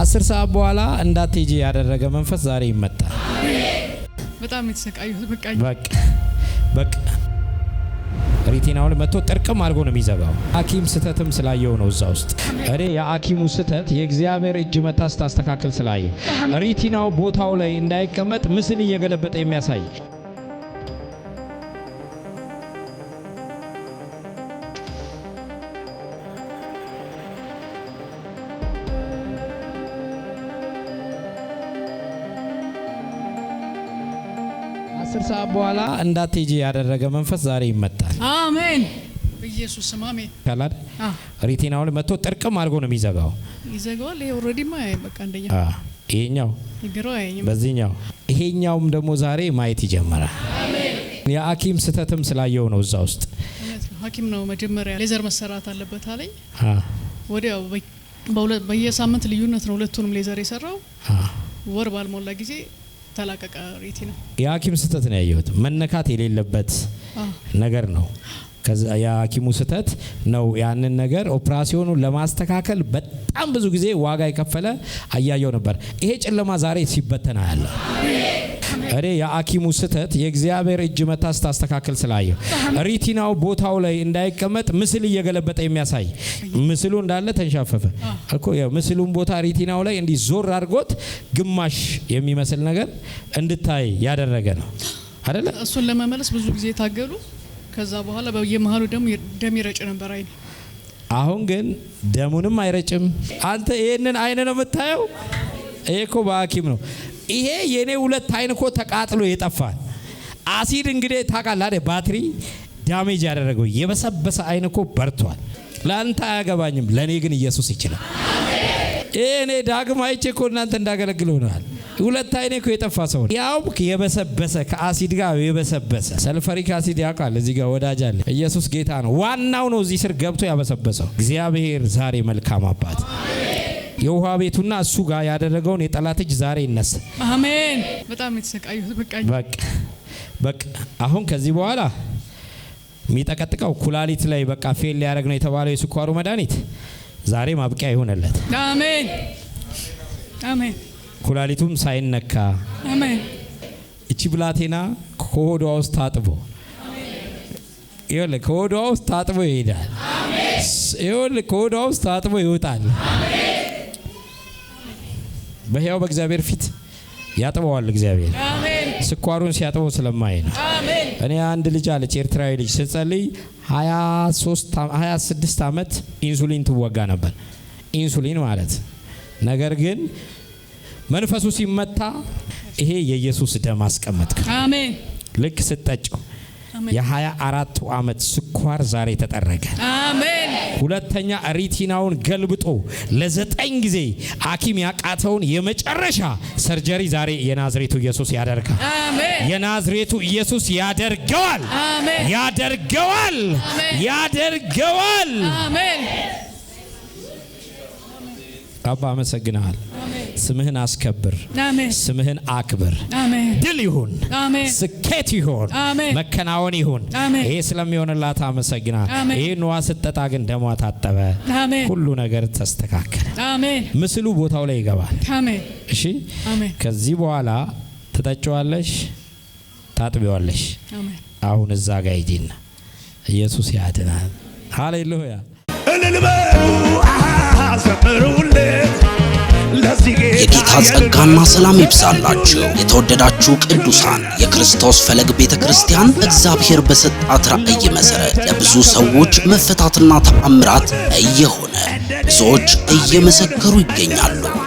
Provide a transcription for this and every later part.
ከአስር ሰዓት በኋላ እንዳትሄጂ ያደረገ መንፈስ ዛሬ ይመታል። በጣም የተሰቃዩት በቃ ሪቲናውን መጥቶ ጥርቅም አድርጎ ነው የሚዘጋው። አኪም ስህተትም ስላየው ነው እዛ ውስጥ እኔ የአኪሙ ስህተት የእግዚአብሔር እጅ መታ ስታስተካክል ስላየ ሪቲናው ቦታው ላይ እንዳይቀመጥ ምስል እየገለበጠ የሚያሳይ ከአስር ሰዓት በኋላ እንዳትሄጂ ያደረገ መንፈስ ዛሬ ይመጣል። አሜን። በኢየሱስ ስም አሜን። ካላል ሪቲናው ላይ መጥቶ ጥርቅም አድርጎ ነው የሚዘጋው። ይዘጋዋል። ይሄ ኦልሬዲማ በቃ እንደኛ ይሄኛው በዚህኛው ይሄኛውም ደግሞ ዛሬ ማየት ይጀምራል። አሜን። የአኪም ስህተትም ስላየው ነው እዛ ውስጥ ሐኪም ነው መጀመሪያ ሌዘር መሰራት አለበት አለኝ። ወዲያው በየሳምንት ልዩነት ነው ሁለቱንም ሌዘር የሰራው ወር ባልሞላ ጊዜ የተላቀቀ ስተት ነው። የሐኪም ስህተት ነው ያየሁት። መነካት የሌለበት ነገር ነው። የሐኪሙ ስህተት ነው። ያንን ነገር ኦፕራሲዮኑ ለማስተካከል በጣም ብዙ ጊዜ ዋጋ የከፈለ አያየው ነበር። ይሄ ጨለማ ዛሬ ሲበተና ያለ እኔ የአኪሙ ስህተት የእግዚአብሔር እጅ መታ ስታስተካከል ስላየ ሪቲናው ቦታው ላይ እንዳይቀመጥ ምስል እየገለበጠ የሚያሳይ ምስሉ እንዳለ ተንሻፈፈ እኮ የምስሉን ቦታ ሪቲናው ላይ እንዲህ ዞር አድርጎት ግማሽ የሚመስል ነገር እንድታይ ያደረገ ነው አደለ። እሱን ለመመለስ ብዙ ጊዜ ታገሉ። ከዛ በኋላ በየመሀሉ ደሞ ደም ይረጭ ነበር አይ አሁን ግን ደሙንም አይረጭም። አንተ ይህንን አይን ነው የምታየው። ይሄ እኮ በአኪም ነው ይሄ የኔ ሁለት አይን እኮ ተቃጥሎ የጠፋል። አሲድ እንግዲህ ታውቃለህ ባትሪ ዳሜጅ ያደረገው የበሰበሰ አይን እኮ በርቷል። ለአንተ አያገባኝም፣ ለእኔ ግን ኢየሱስ ይችላል። እኔ ዳግም አይቼ እኮ እናንተ እንዳገለግል ሆነል። ሁለት አይኔ እኮ የጠፋ ሰው ያው የበሰበሰ ከአሲድ ጋር የበሰበሰ ሰልፈሪክ አሲድ ያውቃል። እዚህ ጋር ወዳጅ አለ። ኢየሱስ ጌታ ነው። ዋናው ነው እዚህ ስር ገብቶ ያበሰበሰው። እግዚአብሔር ዛሬ መልካም አባት የውሃ ቤቱና እሱ ጋር ያደረገውን የጠላት እጅ ዛሬ ይነሳ። አሜን። በጣም የተሰቃዩት በቃ በቃ አሁን ከዚህ በኋላ የሚጠቀጥቀው ኩላሊት ላይ በቃ ፌል ሊያደርግ ነው የተባለው የስኳሩ መድኃኒት ዛሬ ማብቂያ ይሆነለት። አሜን አሜን። ኩላሊቱም ሳይነካ አሜን። እቺ ብላቴና ከሆዷ ውስጥ ታጥቦ ይኸውልህ፣ ከሆዷ ውስጥ ታጥቦ ይሄዳል። ይኸውልህ፣ ከሆዷ ውስጥ ታጥቦ ይወጣል። በሕያው በእግዚአብሔር ፊት ያጥበዋል። እግዚአብሔር ስኳሩን ሲያጥበው ስለማይ ነው። እኔ አንድ ልጅ አለች ኤርትራዊ ልጅ ስጸልይ 26 ዓመት ኢንሱሊን ትወጋ ነበር። ኢንሱሊን ማለት ነገር ግን መንፈሱ ሲመታ ይሄ የኢየሱስ ደም አስቀመጥክ። አሜን። ልክ ስጠጭው የሀያ አራቱ ዓመት ስኳር ዛሬ ተጠረገ። አሜን። ሁለተኛ ሪቲናውን ገልብጦ ለዘጠኝ ጊዜ ሐኪም ያቃተውን የመጨረሻ ሰርጀሪ ዛሬ የናዝሬቱ ኢየሱስ ያደርጋል። የናዝሬቱ ኢየሱስ ያደርገዋል፣ ያደርገዋል፣ ያደርገዋል። አባ አመሰግናለሁ። ስምህን አስከብር፣ ስምህን አክብር። ድል ይሁን፣ ስኬት ይሁን፣ መከናወን ይሁን። ይሄ ስለሚሆንላት አመሰግናል። ይሄ ንዋ ስትጠጣ ግን ደሟ ታጠበ፣ ሁሉ ነገር ተስተካከለ። ምስሉ ቦታው ላይ ይገባል። እሺ፣ ከዚህ በኋላ ትጠጪዋለሽ፣ ታጥቢዋለሽ። አሁን እዛ ጋ ሂጂና ኢየሱስ ያድናል። ሃሌሉያ እልልበሉ ዘምሩል የጌታ ጸጋና ሰላም ይብዛላችሁ። የተወደዳችሁ ቅዱሳን የክርስቶስ ፈለግ ቤተ ክርስቲያን እግዚአብሔር በሰጣት ራእይ መሠረት ለብዙ ሰዎች መፈታትና ተአምራት እየሆነ ብዙዎች እየመሰከሩ ይገኛሉ።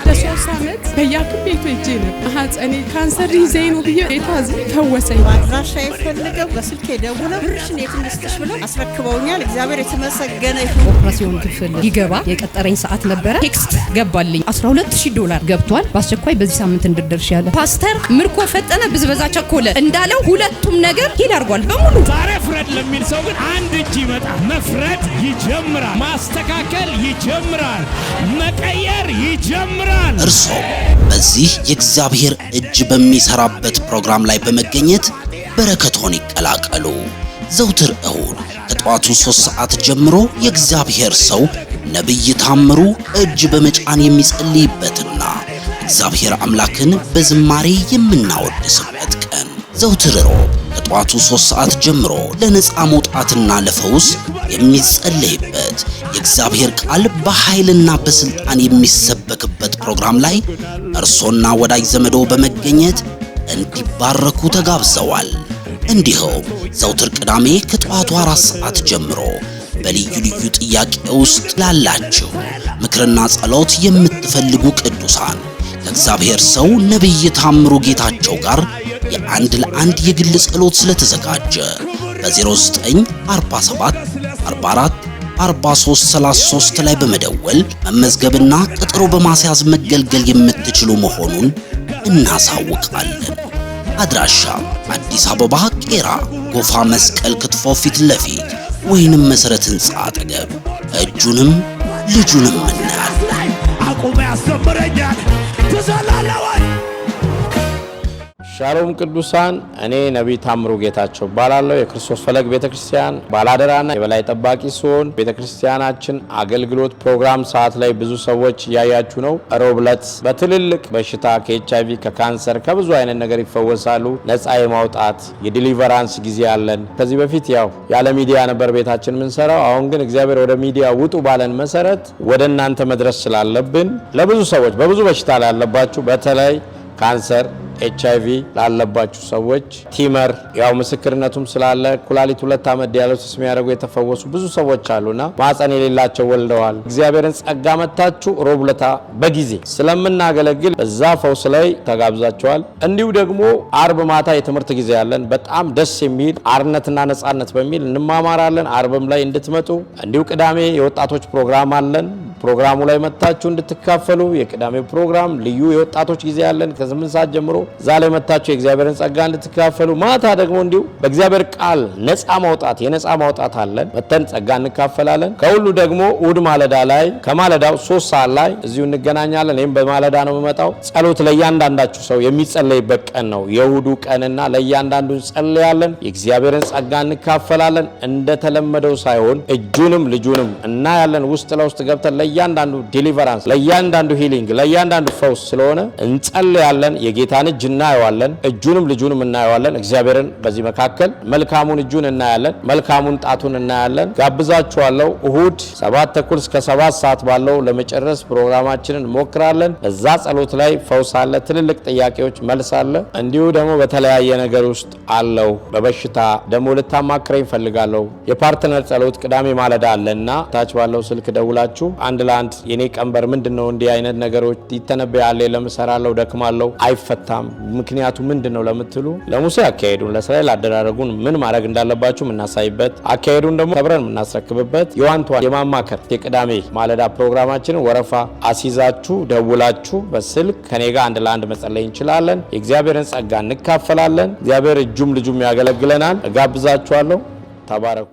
በየሐኪም ቤቱ ሄጄ ነበር። ማህፀኔ ካንሰር ይዘኝ ነው ብዬ የታዝ ፈወሰኝ። አድራሻ የፈልገው በስልክ የደውለው ብርሽን የት እንስጥሽ ብለው አስረክበውኛል። እግዚአብሔር የተመሰገነ ይሁን። ኦፕራሲዮን ክፍል ይገባ የቀጠረኝ ሰዓት ነበረ። ቴክስት ገባልኝ 120 ዶላር ገብቷል፣ በአስቸኳይ በዚህ ሳምንት እንድደርሽ ያለ ፓስተር ምርኮ ፈጠነ፣ ብዝበዛ ቸኮለ እንዳለው ሁለቱም ነገር ሂል አድርጓል በሙሉ። ዛሬ ፍረድ ለሚል ሰው ግን አንድ እጅ ይመጣል። መፍረድ ይጀምራል። ማስተካከል ይጀምራል። ይጀምራል። እርስዎም በዚህ የእግዚአብሔር እጅ በሚሰራበት ፕሮግራም ላይ በመገኘት በረከቶን ይቀላቀሉ። ዘውትር እሁድ ከጠዋቱ ሦስት ሰዓት ጀምሮ የእግዚአብሔር ሰው ነቢይ ታምሩ እጅ በመጫን የሚጸልይበትና እግዚአብሔር አምላክን በዝማሬ የምናወድስበት ቀን ዘውትር ሮብ ከጠዋቱ ሦስት ሰዓት ጀምሮ ለነፃ መውጣትና ለፈውስ የሚጸለይበት የእግዚአብሔር ቃል በኃይልና በስልጣን የሚሰበክበት ፕሮግራም ላይ እርሶና ወዳጅ ዘመዶ በመገኘት እንዲባረኩ ተጋብዘዋል። እንዲኸው ዘውትር ቅዳሜ ከጠዋቱ አራት ሰዓት ጀምሮ በልዩ ልዩ ጥያቄ ውስጥ ላላችሁ ምክርና ጸሎት የምትፈልጉ ቅዱሳን ከእግዚአብሔር ሰው ነቢይ ታምሩ ጌታቸው ጋር የአንድ ለአንድ የግል ጸሎት ስለተዘጋጀ በ0947 44 4333 ላይ በመደወል መመዝገብና ቀጠሮ በማስያዝ መገልገል የምትችሉ መሆኑን እናሳውቃለን። አድራሻ አዲስ አበባ ቄራ ጎፋ መስቀል ክትፎ ፊት ለፊት ወይንም መሰረት ህንፃ አጠገብ። እጁንም ልጁንም እናያለን። ያስተምረኛል ትዘላለዋ ሻሎም ቅዱሳን እኔ ነቢይ ታምሩ ጌታቸው እባላለሁ። የክርስቶስ ፈለግ ቤተ ክርስቲያን ባላደራና የበላይ ጠባቂ ሲሆን ቤተ ክርስቲያናችን አገልግሎት ፕሮግራም ሰዓት ላይ ብዙ ሰዎች እያያችሁ ነው። ሮብ ዕለት በትልልቅ በሽታ ከኤች አይቪ ከካንሰር፣ ከብዙ አይነት ነገር ይፈወሳሉ። ነፃ የማውጣት የዲሊቨራንስ ጊዜ አለን። ከዚህ በፊት ያው ያለ ሚዲያ ነበር ቤታችን የምንሰራው። አሁን ግን እግዚአብሔር ወደ ሚዲያ ውጡ ባለን መሰረት ወደ እናንተ መድረስ ስላለብን ለብዙ ሰዎች በብዙ በሽታ ላይ ያለባችሁ በተለይ ካንሰር ኤች አይቪ ላለባችሁ ሰዎች ቲመር ያው ምስክርነቱም ስላለ ኩላሊት ሁለት ዓመት ዲያሊሲስ የሚያደርጉ የተፈወሱ ብዙ ሰዎች አሉና ማጸን የሌላቸው ወልደዋል። እግዚአብሔርን ጸጋ መታችሁ ሮብለታ በጊዜ ስለምናገለግል በዛ ፈውስ ላይ ተጋብዛቸዋል። እንዲሁ ደግሞ አርብ ማታ የትምህርት ጊዜ ያለን በጣም ደስ የሚል አርነትና ነጻነት በሚል እንማማራለን። አርብም ላይ እንድትመጡ እንዲሁ ቅዳሜ የወጣቶች ፕሮግራም አለን። ፕሮግራሙ ላይ መታችሁ እንድትካፈሉ የቅዳሜ ፕሮግራም ልዩ የወጣቶች ጊዜ ያለን ከ8 ሰዓት ጀምሮ እዛ ላይ መታችሁ የእግዚአብሔርን ጸጋ እንድትካፈሉ፣ ማታ ደግሞ እንዲሁ በእግዚአብሔር ቃል ነፃ ማውጣት የነፃ ማውጣት አለን። መተን ጸጋ እንካፈላለን። ከሁሉ ደግሞ እሁድ ማለዳ ላይ ከማለዳው ሶስት ሰዓት ላይ እዚሁ እንገናኛለን። ይህም በማለዳ ነው የምመጣው። ጸሎት ለእያንዳንዳችሁ ሰው የሚጸለይበት ቀን ነው የእሁዱ ቀንና ለእያንዳንዱ ጸለያለን። የእግዚአብሔርን ጸጋ እንካፈላለን። እንደተለመደው ሳይሆን እጁንም ልጁንም እናያለን። ውስጥ ለውስጥ ገብተን ለእያንዳንዱ ዲሊቨራንስ ለእያንዳንዱ ሂሊንግ፣ ለእያንዳንዱ ፈውስ ስለሆነ እንጸልያለን። የጌታን እጅ እናየዋለን፣ እጁንም ልጁንም እናየዋለን። እግዚአብሔርን በዚህ መካከል መልካሙን እጁን እናያለን፣ መልካሙን ጣቱን እናያለን። ጋብዛችኋለሁ። እሁድ ሰባት ተኩል እስከ ሰባት ሰዓት ባለው ለመጨረስ ፕሮግራማችንን ሞክራለን። እዛ ጸሎት ላይ ፈውስ አለ፣ ትልልቅ ጥያቄዎች መልስ አለ። እንዲሁ ደግሞ በተለያየ ነገር ውስጥ አለው። በበሽታ ደግሞ ልታማክረኝ ፈልጋለሁ። የፓርትነር ጸሎት ቅዳሜ ማለዳ አለና ታች ባለው ስልክ ደውላችሁ አንድ አንድ ለአንድ የኔ ቀንበር ምንድን ነው? እንዲህ አይነት ነገሮች ይተነበያለ። ለምሰራለው ደክማለው፣ አይፈታም። ምክንያቱ ምንድን ነው ለምትሉ ለሙሴ አካሄዱን ለእስራኤል አደራረጉን ምን ማድረግ እንዳለባችሁ የምናሳይበት አካሄዱን ደግሞ ከብረን የምናስረክብበት የዋንቷን የማማከር የቅዳሜ ማለዳ ፕሮግራማችንን ወረፋ አስይዛችሁ ደውላችሁ በስልክ ከኔ ጋር አንድ ለአንድ መጸለይ እንችላለን። የእግዚአብሔርን ጸጋ እንካፈላለን። እግዚአብሔር እጁም ልጁም ያገለግለናል። እጋብዛችኋለሁ። ተባረኩ።